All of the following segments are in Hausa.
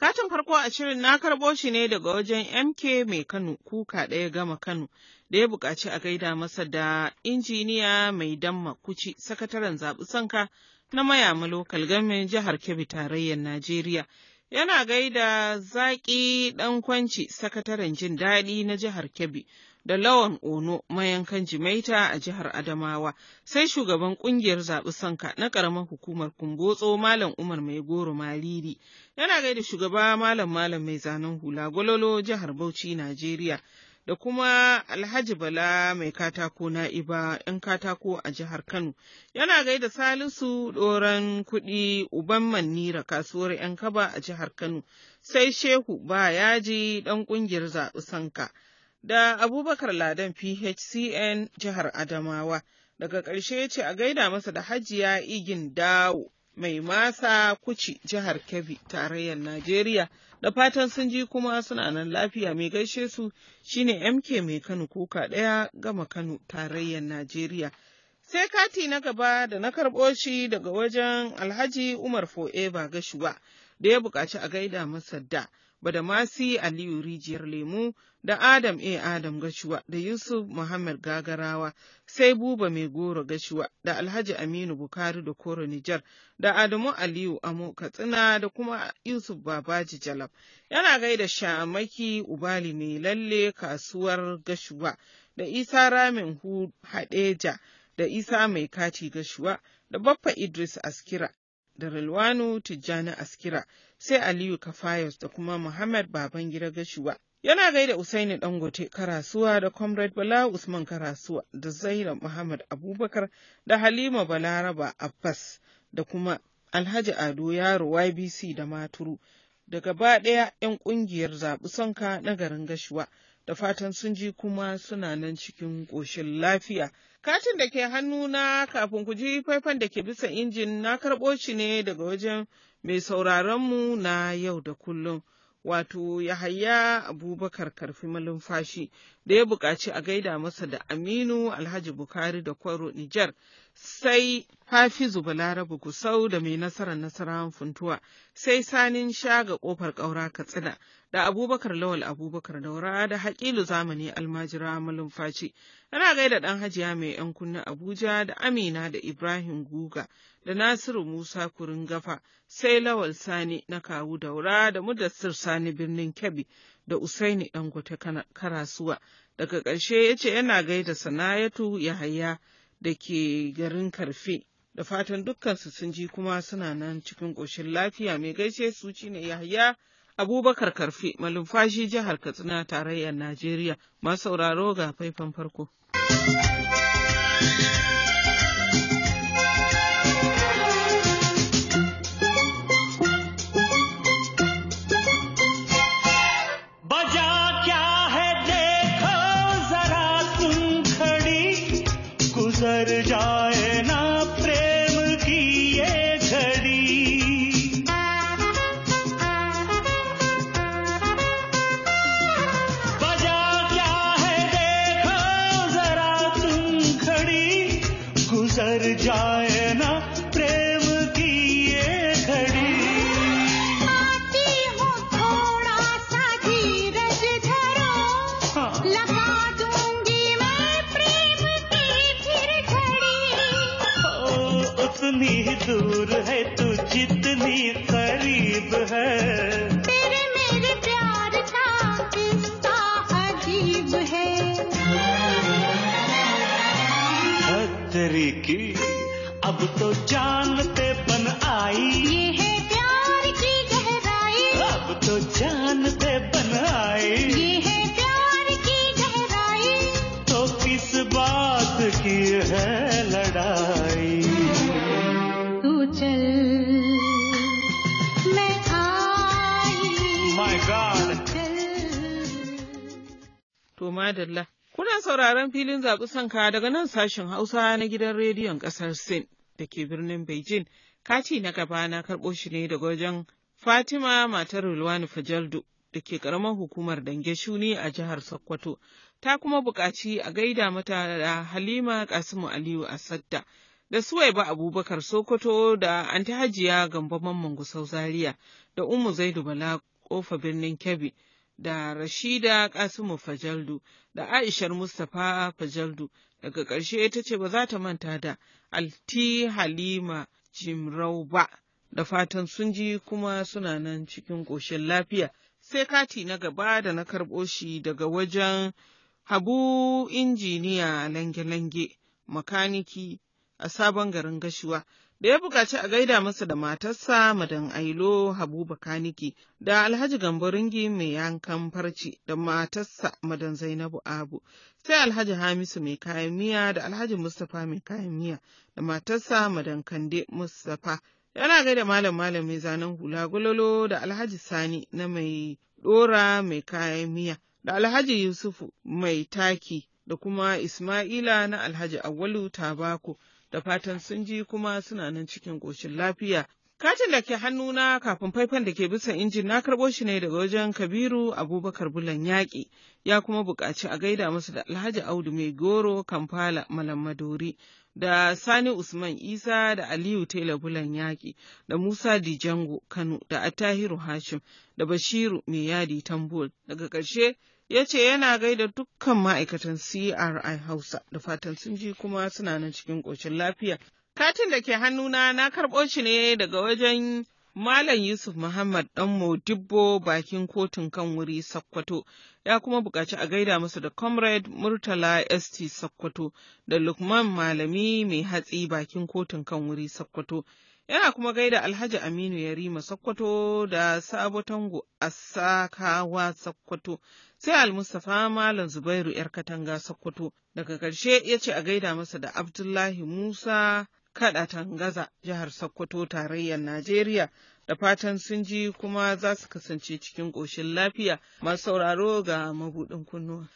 Katin farko a shirin na karɓo shi ne daga wajen MK mai Kano kuka ɗaya gama Kano da ya buƙaci a gaida masa da injiniya mai damma kuci sakataren zaɓi sanka na mayama lokal gamin jihar Kebbi tarayyar Najeriya. Yana gaida zaƙi ɗan kwanci sakataren jin daɗi na jihar Kebbi da Lawan Ono mayankan Jimaita a jihar Adamawa, sai shugaban kungiyar zaɓi sanka na ƙaramin hukumar Kumbotso Malam Umar Mai Goro Maliri, yana gaida shugaba Malam Malam Mai zanen hula Gwalolo jihar Bauchi, Najeriya. Da kuma Alhaji Bala mai katako na Iba ‘yan katako a jihar Kano, yana gaida Salisu ɗoran kuɗi uban Manira kasuwar ‘yan kaba a jihar Kano, sai Shehu ba yaji ɗan ƙungiyar zaɓi sanka. da Abubakar Ladan PHCN jihar Adamawa. Daga ƙarshe ya ce a gaida masa da Hajiya Igin Dawo mai masa kuci jihar Kebbi tarayyar Najeriya. Da fatan sun ji kuma suna nan lafiya mai gaishe su shine MK mai Kano kuka ɗaya gama Kano tarayyar Najeriya. Sai kati na gaba da na karɓo shi daga wajen Alhaji Umar Fo'eba Gashuwa da ya buƙaci a gaida masa da. Badamasi Aliyu Rijiyar Lemu da Adam A. Adam Gashuwa da Yusuf Muhammad Gagarawa sai Buba Mai Goro Gashuwa da Alhaji Aminu Bukari da Koro Nijar da Adamu Aliyu Amo Katsina da kuma Yusuf Babaji Jalab. Yana gaida Shamaki Ubali Mai Lalle Kasuwar Gashuwa da Isa Ramin Hu Hadeja da Isa Mai Kati Gashuwa da Baffa Idris Askira da Rilwanu Tijjani Askira sai Aliyu Kafayos da kuma Muhammad Babangida Gashuwa. Yana gaida Usaini Dangote Karasuwa da Comrade Bala Usman Karasuwa da Zaira Muhammad Abubakar da Halima Balaraba Abbas da kuma Alhaji Ado Yaro YBC da Maturu da gaba ɗaya 'yan ƙungiyar zaɓi sonka na garin Gashuwa da fatan sun ji kuma suna nan cikin ƙoshin lafiya. Katin da ke hannu na kafin ku ji faifan da ke bisa injin na karɓo shi ne daga wajen mai sauraronmu na yau da kullum, wato Yahaya Abubakar Karfi Malumfashi da ya buƙaci a gaida masa da Aminu Alhaji Bukari da Kwaro Nijar sai Hafizu Balarabu Kusau da mai nasarar nasarawan funtuwa, sai sanin shaga ƙofar ƙaura Katsina, da Abubakar Lawal Abubakar Daura da Haƙilu Zamani Almajira Malumfaci. Ana gaida ɗan hajiya mai ‘yan kunna Abuja da Amina da Ibrahim Guga da Nasiru Musa Kurin Gafa, sai Lawal Sani na Kawu Daura da Mudassir Sani Birnin Kebbi da Usaini Dangote Karasuwa. Daga ƙarshe yace yana gaida Sanayatu Yahaya. da ke garin Karfe. Da fatan dukkansu sun ji kuma suna nan cikin ƙoshin lafiya mai gaishe su ci ne Yahya Abubakar Karfe malumfashi jihar Katsina tarayyar Najeriya masu sauraro ga faifan farko. है लड़ाई तू चल मैं madalla kuna sauraron filin zaɓi sanka daga nan sashen Hausa na gidan rediyon ƙasar Sin da ke birnin Beijing kati na gaba na karɓo shi ne daga wajen Fatima matar Rulwani Fajaldu da ke ƙaramar hukumar Dange Shuni a jihar Sokoto. ta kuma buƙaci a gaida mata da Halima Kasimu Aliyu Asadda da Suwaiba Abubakar Sokoto da Anti Hajiya Gambo Mamman Gusau Zaria da Umu Zaidu Bala Kofa Birnin Kebbi da Rashida Kasimu Fajaldu da Aishar Mustapha Fajaldu daga ƙarshe ta ce ba za ta manta da Alti Halima Jimrau ba da fatan sun ji kuma suna nan cikin ƙoshin lafiya sai kati na gaba da na karɓo shi daga wajen Habu injiniya lange-lange, makaniki a sabon garin gashuwa, da ya buƙaci a gaida masa da matarsa madan Ailo Habu Bakaniki da Alhaji Gambaringi mai yankan farci da matarsa madan Zainabu Abu, sai Alhaji Hamisu mai kayan miya da Alhaji Mustapha mai kayan miya da matarsa madan Kande Mustapha. Yana gaida malam malam mai zanen hula gulolo da Alhaji Sani na mai ɗora mai kayan miya. da Alhaji Yusufu mai taki da kuma Ismaila na Alhaji Awalu Tabako da fatan sun ji kuma suna nan cikin ƙoshin lafiya. Katin da ke hannuna kafin faifan da ke bisa injin na karɓo shi ne daga wajen Kabiru Abubakar Bulan Yaƙi ya kuma buƙaci a gaida masa da Alhaji Audu Mai Goro Kamfala Malam Madori da Sani Usman Isa da Aliyu Tela Bulan Yaƙi da Musa Dijango Kano da Attahiru Hashim da Bashiru Mai Yadi Tambol daga ƙarshe ya ce yana gaida dukkan ma'aikatan CRI Hausa da fatan sun ji kuma suna nan cikin ƙoshin lafiya. Katin da ke hannuna na karɓo shi ne daga wajen Malam Yusuf Muhammad ɗan Modibbo bakin kotun kan wuri Sakkwato ya kuma buƙaci a gaida masa da Comrade Murtala ST Sakkwato da Lukman Malami mai hatsi bakin kotun kan wuri Sakkwato. Yana kuma gaida Alhaji Aminu Yarima Sakkwato da Sabo Tango Asakawa Sakkwato sai almustafa malam zubairu yar katanga sokoto daga ƙarshe ya ce a gaida masa da abdullahi musa kaɗa tangaza jihar sokoto tarayyar najeriya da fatan sun ji kuma za su kasance cikin ƙoshin lafiya masu sauraro ga mabuɗin kunnuwa.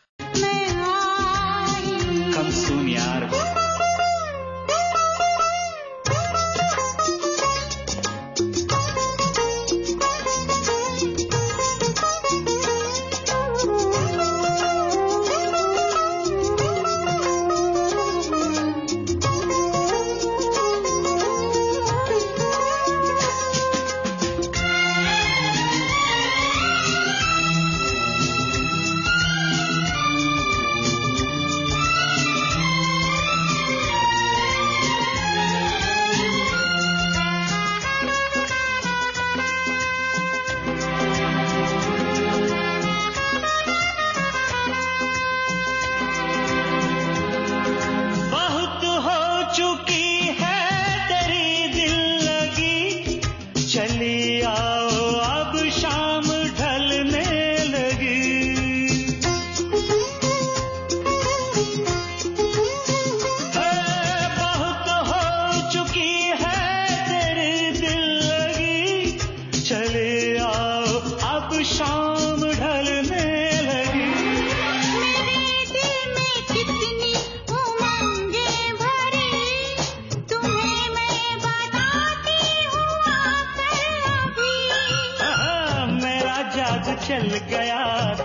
आज चल गया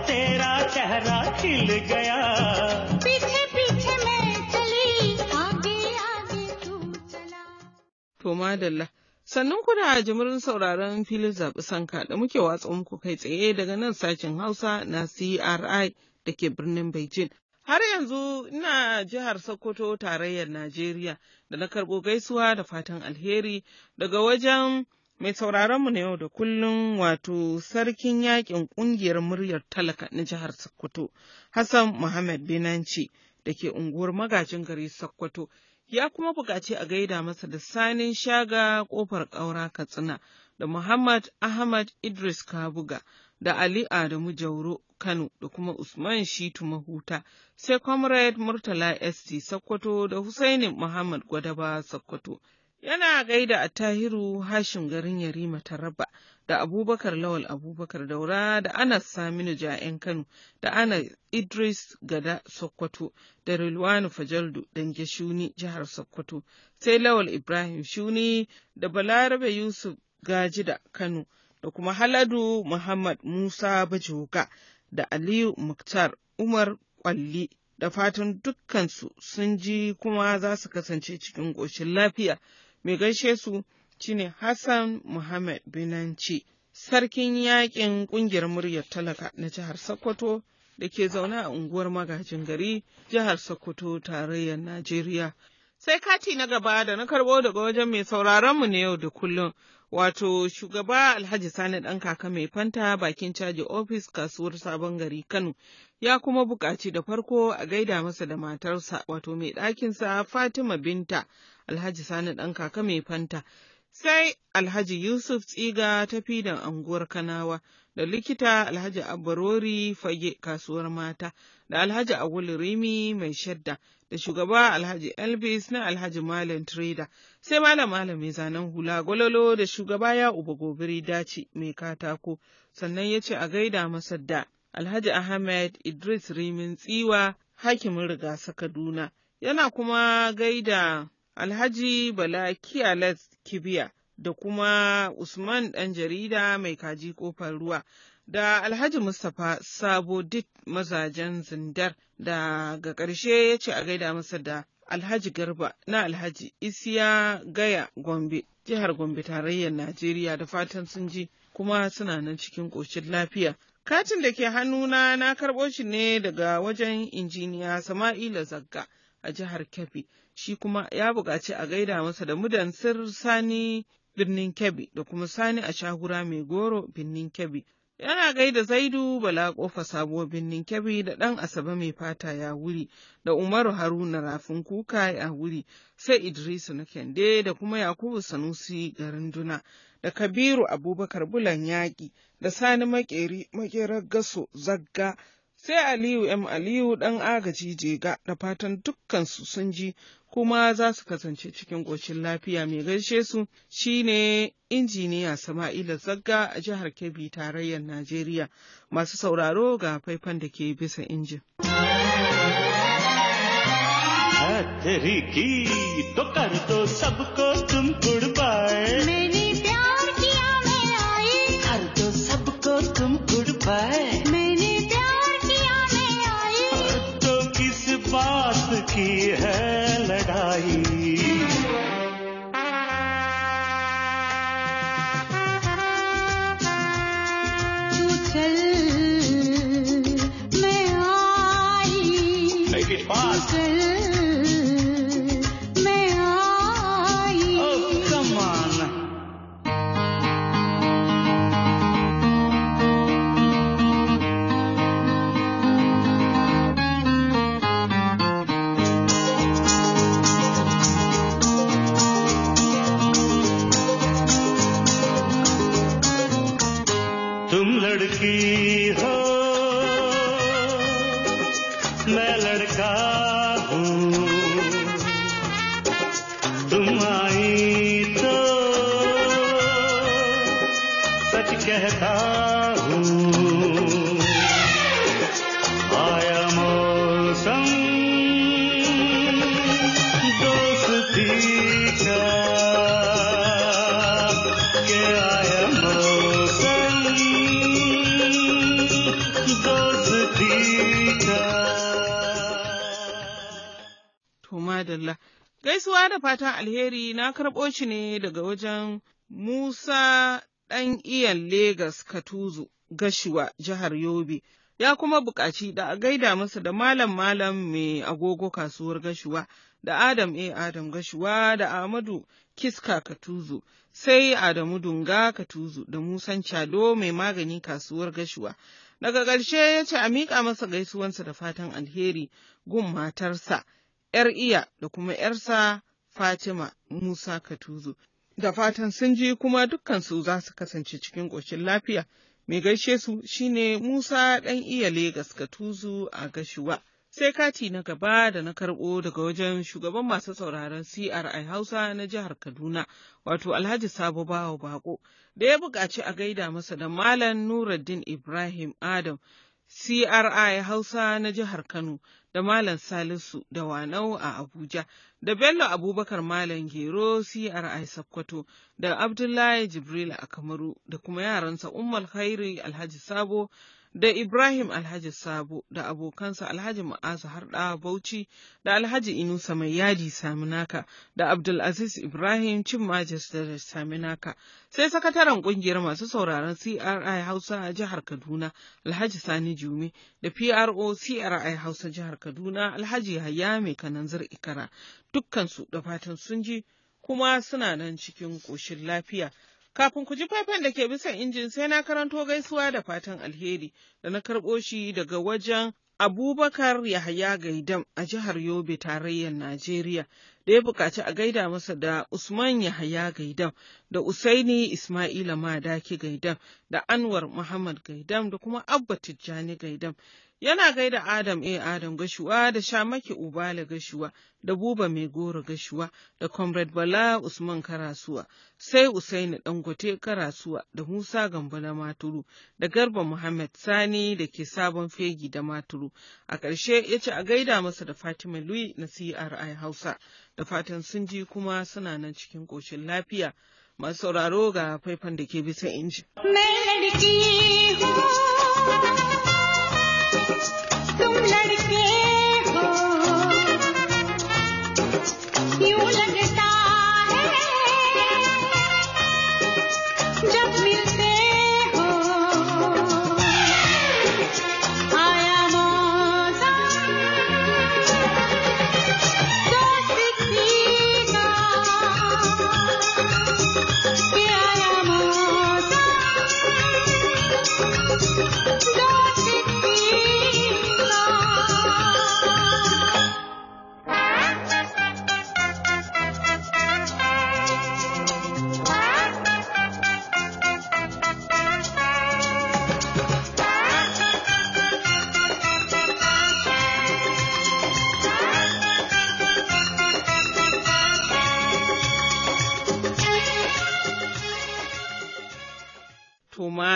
तेरा चेहरा खिल गया पीछे पीछे मैं चली आगे आगे तू चला sannan ku da jimirin sauraron filin zaɓi sanka da muke watsa muku kai tsaye daga nan sashen Hausa na CRI da ke birnin Beijing. Har yanzu ina jihar Sokoto tarayyar Najeriya da na karɓo gaisuwa da fatan alheri daga wajen mai sauraron mu na yau da kullun wato sarkin yakin ƙungiyar muryar talaka na jihar Sokoto, Hassan Muhammad Binanci da ke unguwar magajin gari Sokoto, ya kuma buƙaci a gaida masa da sanin shaga ƙofar ƙaura Katsina da Muhammad Ahmad Idris Kabuga da Ali Adamu Jauro Kano da kuma Usman Shitu Mahuta, sai Comrade Murtala ST Sokoto da Husaini Muhammad Gwadaba Sokoto. Yana gaida a Tahiru Hashim garin Yarima Taraba da Abubakar Lawal Abubakar Daura da Anas Saminu ja'in Kano da ana Idris Gada Sokoto da Rilwanu Fajaldu Dange Shuni jihar Sokoto sai Lawal Ibrahim Shuni da Balarabe Yusuf Gajida Kano da kuma Haladu Muhammad Musa Bajoga da Aliyu Muktar Umar Kwalli da fatan dukkansu sun ji kuma za su kasance cikin ƙoshin lafiya. mai gaishe su shine Hassan Muhammad Binanci, sarkin yakin ƙungiyar muryar talaka na jihar Sokoto da ke zaune a unguwar magajin gari jihar Sokoto tarayyar Najeriya. Sai kati na gaba da na karbo daga wajen mai sauraronmu na yau da kullum, wato shugaba Alhaji Sani ɗan kaka mai fanta bakin caji ofis kasuwar sabon gari Kano, ya kuma buƙaci da farko a gaida masa da matarsa wato mai ɗakinsa Fatima Binta Alhaji Sani ɗan kaka mai fanta. Sai Alhaji Yusuf Tsiga ta fidan anguwar Kanawa da likita Alhaji Abarori Fage kasuwar mata da Alhaji Agulu Rimi mai shadda da shugaba Alhaji Elvis na Alhaji Malam Trader sai Malam Malam zanen hula gwalolo da shugaba ya uba gobiri daci mai katako sannan ya ce a gaida masa Alhaji Ahmed Idris Rimin Tsiwa hakimin rigasa Kaduna yana kuma gaida Alhaji Bala Kiyalat Kibiya da kuma Usman ɗan jarida mai kaji kofar ruwa da Alhaji Mustapha Sabo Dit mazajen zindar da ga ƙarshe ya ce a gaida masa da Alhaji Garba na Alhaji Isiya Gaya Gombe, jihar Gombe tarayyar Najeriya da fatan sun ji kuma suna nan cikin ƙoshin lafiya. Katin da ke hannuna na karɓo shi ne daga wajen injiniya Sama'ila Zagga a jihar Kebbi. shi kuma ya buƙaci a gaida masa da mudansir Sani birnin Kebbi da kuma Sani a shahura mai goro birnin Kebbi. Yana gaida Zaidu Bala ƙofa sabuwar birnin Kebbi da ɗan Asabe mai fata ya wuri da Umaru Haruna rafin kuka ya wuri sai Idrisu na Kende da kuma Yakubu Sanusi garin Duna da Kabiru Abubakar Bulan Yaƙi da Sani Maƙeri Gaso Zagga sai Aliyu M. Aliyu ɗan agaji jega da fatan dukkansu sun ji kuma za su kasance cikin ƙoshin lafiya mai gaishe su shine injiniya Sama'ila Zagga a jihar Kebbi tarayyar Najeriya masu sauraro ga faifan da ke bisa injin. की பாடு Adalla. Gaisuwa da fatan alheri na karɓo shi ne daga wajen Musa ɗan iyan Legas Katuzu, Gashuwa, jihar Yobe. Ya kuma buƙaci da a gaida masa da malam malam mai agogo kasuwar Gashuwa, da Adam A. Adam Gashuwa, da Ahmadu Kiska Katuzu, sai Adamu Dunga Katuzu, da Musan Chado mai magani kasuwar Gashuwa. Daga ƙarshe ya ce a miƙa masa gaisuwansa da fatan alheri gun matarsa. ‘yar iya da kuma ‘yarsa Fatima Musa Katuzu. Da fatan sun ji kuma dukkansu za su kasance cikin ƙoshin lafiya. Mai gaishe su shine Musa ɗan iya Legas Katuzu a Gashuwa. Sai kati na gaba da na karɓo daga wajen shugaban masu sauraron CRI Hausa na jihar Kaduna, wato Alhaji Sabo Bawo Bako, da ya buƙaci a gaida masa da Malam Nuruddin Ibrahim Adam, CRI Hausa na jihar Kano. da Malam Salisu da Wanau a Abuja, da Bello Abubakar Malam Gero CRI Sokoto, da Abdullahi Jibril a Kamaru, da kuma yaransa Umar Khairi Alhaji Sabo da Ibrahim Alhaji Sabo da abokansa Alhaji Ma'azu Harɗa Bauchi da Alhaji Inusa Mai Yadi Saminaka da Abdulaziz Ibrahim Cin da Saminaka sai sakataren ƙungiyar masu sauraron CRI Hausa jihar Kaduna Alhaji Sani Jumi da PRO CRI Hausa jihar Kaduna Alhaji Hayya Mai Kananzir Ikara dukkansu da fatan sun ji kuma suna nan cikin ƙoshin lafiya. Kafin ku ji faifan da ke bisan injin sai na karanto gaisuwa da fatan alheri da na karɓo shi daga wajen Abubakar Yahaya Gaidam a jihar Yobe tarayyar Najeriya da ya buƙaci a gaida masa da Usman Yahaya Gaidam da Usaini Ismaila Madaki Gaidam da Anwar Muhammad Gaidam da kuma Abba Tijjani Gaidam yana gaida Adam e Adam Gashuwa da Shamaki Ubala Gashuwa da Buba Mai Goro Gashuwa da Comrade Bala Usman Karasuwa, sai Usaini Dangote Karasuwa da Musa Gambo na Maturu da Garba Muhammad Sani da ke sabon fegi da Maturu. A ƙarshe ya ce a gaida masa da Fatima Lui na CRI Hausa da fatan sun ji kuma suna nan cikin ƙoshin lafiya. Masu sauraro ga faifan da ke bisa inji. तुम लड़के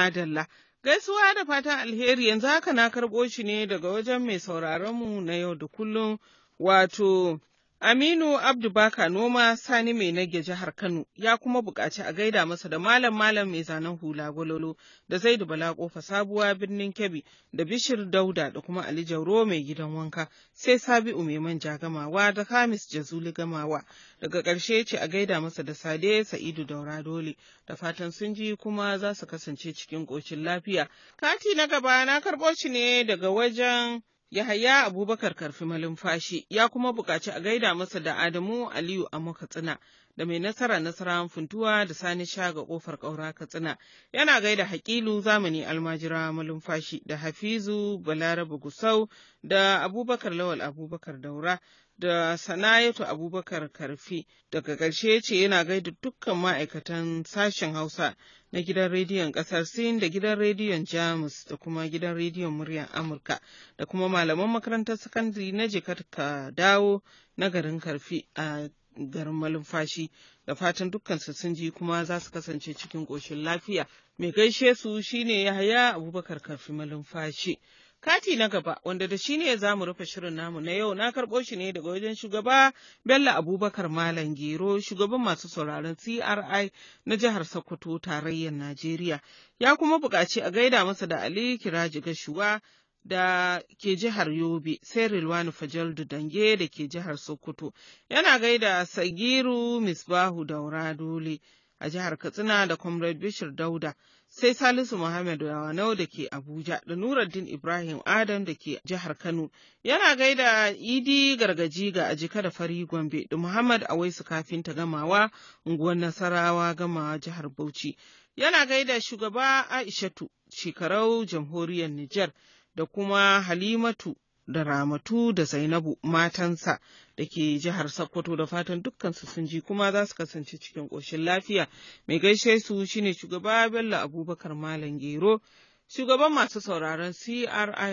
Madalla. Gaisuwa da fatan alheri yanzu haka na karɓo shi ne daga wajen mai sauraronmu na yau da kullum wato Aminu Abdu Baka Noma Sani mai nage jihar Kano ya kuma buƙaci a gaida masa da malam malam mai zanen hula gwalolo da Zaidu Bala Kofa Sabuwa birnin Kebbi da Bishir Dauda da kuma Ali Jauro mai gidan wanka sai Sabi'u mai manja gamawa da Hamis Jazuli gamawa daga ƙarshe ce a gaida masa da Sade Sa'idu Daura Dole da fatan sun ji kuma za su kasance cikin ƙoshin lafiya. Kati na gaba na karɓo shi ne daga wajen Yahaya Abubakar Karfi Malumfashi ya kuma buƙaci a gaida masa da Adamu Aliyu a Katsina da mai nasara nasarawan funtuwa da Sani Shaga ƙofar ƙaura Katsina. Yana gaida Hakilu zamani almajira Malumfashi da Hafizu Balarabu Gusau da Abubakar Lawal Abubakar Daura da Sanayatu Abubakar Karfi. Daga ƙarshe ce yana gaida dukkan ma'aikatan sashen Hausa na gidan rediyon kasar Sin da gidan rediyon Jamus da kuma gidan rediyon muryar Amurka da kuma malaman makarantar sakandare na jikar ka dawo na garin karfi a garin malumfashi da fatan dukkan su sun ji kuma za su kasance cikin ƙoshin lafiya. Mai gaishe su shine Yahaya Abubakar Karfi Malumfashi. Kati na gaba wanda da shi ne za mu rufe shirin namu na yau na karɓo shi ne daga wajen shugaba Bello Abubakar Malam Gero shugaban masu sauraron CRI na jihar Sokoto tarayyar Najeriya ya kuma buƙaci a gaida masa da Ali Kiraji Gashuwa da ke jihar Yobe, sai Rilwani da Dange da ke jihar Sokoto, yana gaida Sagiru Misbahu Daura Dole a jihar Katsina da Comrade Bishir Dauda sai Salisu Muhammad Yawanau da ke Abuja da Nuruddin Ibrahim Adam da ke jihar Kano. Yana gaida Idi Gargaji ga Ajika da Fari Gombe da Muhammad Awaisu Kafinta Gamawa, unguwar Nasarawa Gamawa jihar Bauchi. Yana gaida shugaba Aishatu shekarau jamhuriyar Nijar da kuma Halimatu da Ramatu da Zainabu matansa da ke jihar Sokoto da fatan dukkansu sun ji kuma za su kasance cikin ƙoshin lafiya. Mai gaishe su shine shugaba Bello Abubakar Malam Gero, shugaban masu sauraron CRI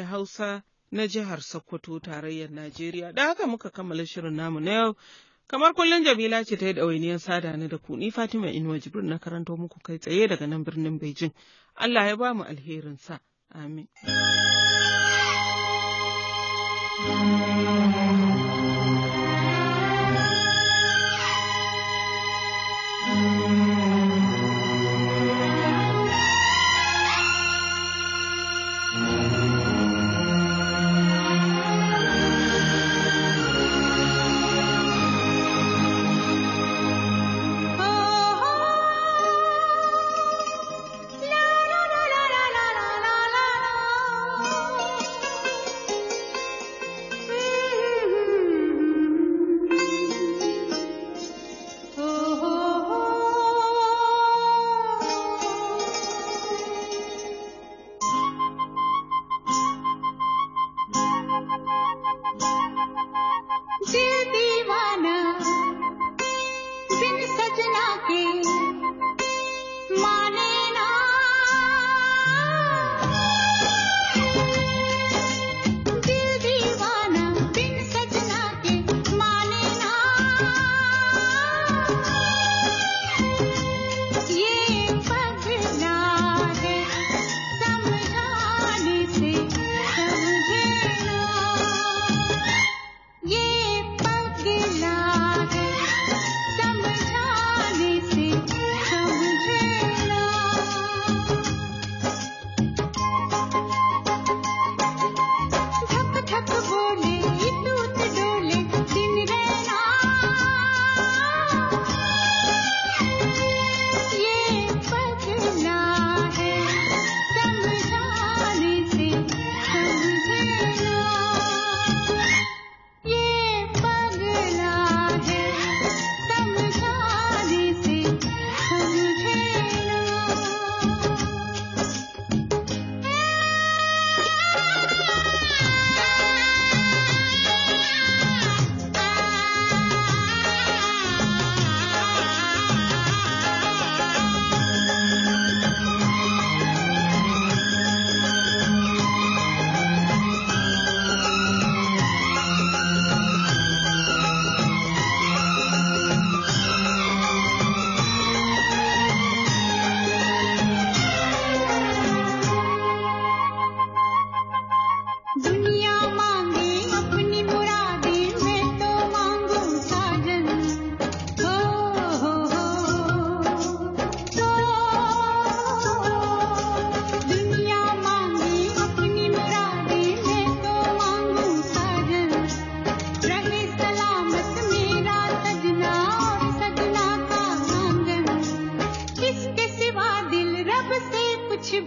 Hausa na jihar Sokoto tarayyar Najeriya. Da haka muka kammala shirin namu na yau. Kamar kullum Jamila ce ta yi ɗawainiyar sada ni da ku ni Fatima Inuwa Jibrin na karanto muku kai tsaye daga nan birnin Bejin. Allah ya ba mu alherinsa. Amin.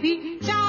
भी जा